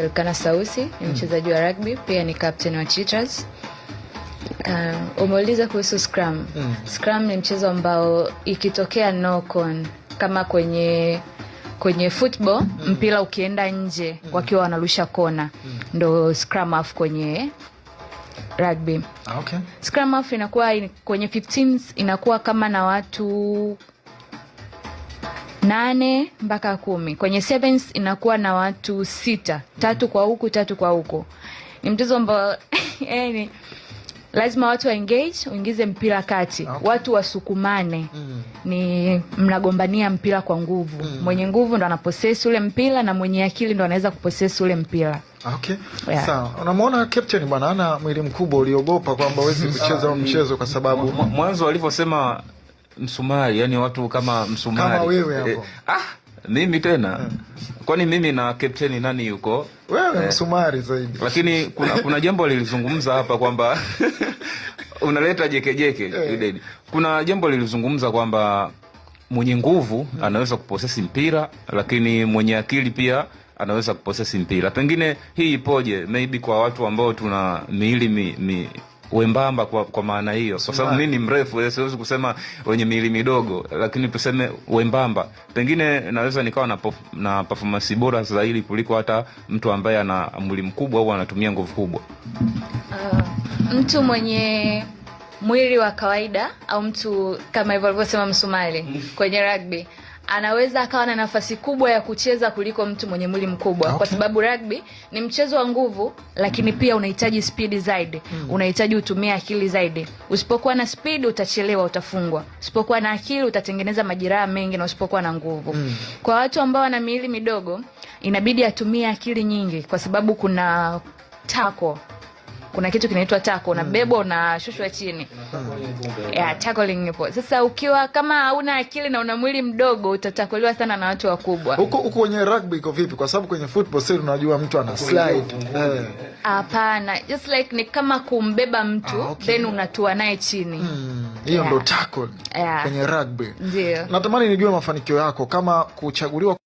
Elkana Sausi ni mm. mchezaji wa rugby pia ni captain wa Cheetahs. Uh, umeuliza kuhusu scrum. Mm. Scrum ni mchezo ambao ikitokea knock on kama kwenye kwenye football mm. mpira ukienda nje mm. wakiwa wanarusha kona mm. ndo scrum half kwenye rugby. Ah, okay. Scrum half inakuwa kwenye 15 inakuwa kama na watu nane mpaka kumi. Kwenye sevens inakuwa na watu sita, tatu kwa huku, tatu kwa huko Ni mchezo ambao yani lazima watu wa engage, uingize mpira kati, okay. Watu wasukumane, mm. Ni mnagombania mpira kwa nguvu, mm. Mwenye nguvu ndo anaposesi ule mpira na mwenye akili ndo anaweza kuposesi ule mpira. Okay. Yeah. Sawa. Unamwona captain bwana ana mwili mkubwa, uliogopa kwamba hawezi kucheza mchezo kwa sababu mwanzo walivyosema msumari, yani watu kama msumari kama wewe eh, hapo eh, ah, mimi tena eh. Kwani mimi na kapteni nani yuko wewe eh, msumari zaidi. Lakini kuna, kuna jambo lilizungumza hapa kwamba unaleta jekejeke hey. Eh. Kuna jambo lilizungumza kwamba mwenye nguvu hmm. anaweza kuposesi mpira lakini mwenye akili pia anaweza kuposesi mpira. Pengine hii ipoje? Maybe kwa watu ambao tuna miili mi, mi wembamba kwa, kwa maana hiyo, kwa sababu mi ni mrefu, eh, siwezi kusema wenye miili midogo, lakini tuseme wembamba, pengine naweza nikawa na, na performance bora zaidi kuliko hata mtu ambaye ana mwili mkubwa au anatumia nguvu kubwa. Uh, mtu mwenye mwili wa kawaida au mtu kama hivyo alivyosema Msumali kwenye rugby anaweza akawa na nafasi kubwa ya kucheza kuliko mtu mwenye mwili mkubwa okay. Kwa sababu rugby ni mchezo wa nguvu, lakini mm. pia unahitaji spidi zaidi mm. Unahitaji utumie akili zaidi. Usipokuwa na spidi utachelewa, utafungwa. Usipokuwa na akili utatengeneza majeraha mengi, na usipokuwa na nguvu mm. Kwa watu ambao wana miili midogo inabidi atumie akili nyingi, kwa sababu kuna tako kuna kitu kinaitwa tako, unabebwa hmm. unashushwa chini hmm. yeah, tackling ipo. Sasa ukiwa kama hauna akili na una mwili mdogo utatakuliwa sana na watu wakubwa. Huko huko kwenye rugby iko vipi? Kwa sababu kwenye football sasa tunajua mtu ana slide. Eh. Hapana, yeah. Just like ni kama kumbeba mtu ah, okay. Then unatua naye chini hmm. hiyo, hmm. Ndo yeah. tackle yeah. Kwenye rugby. Ndio. Natamani nijue mafanikio yako kama kuchaguliwa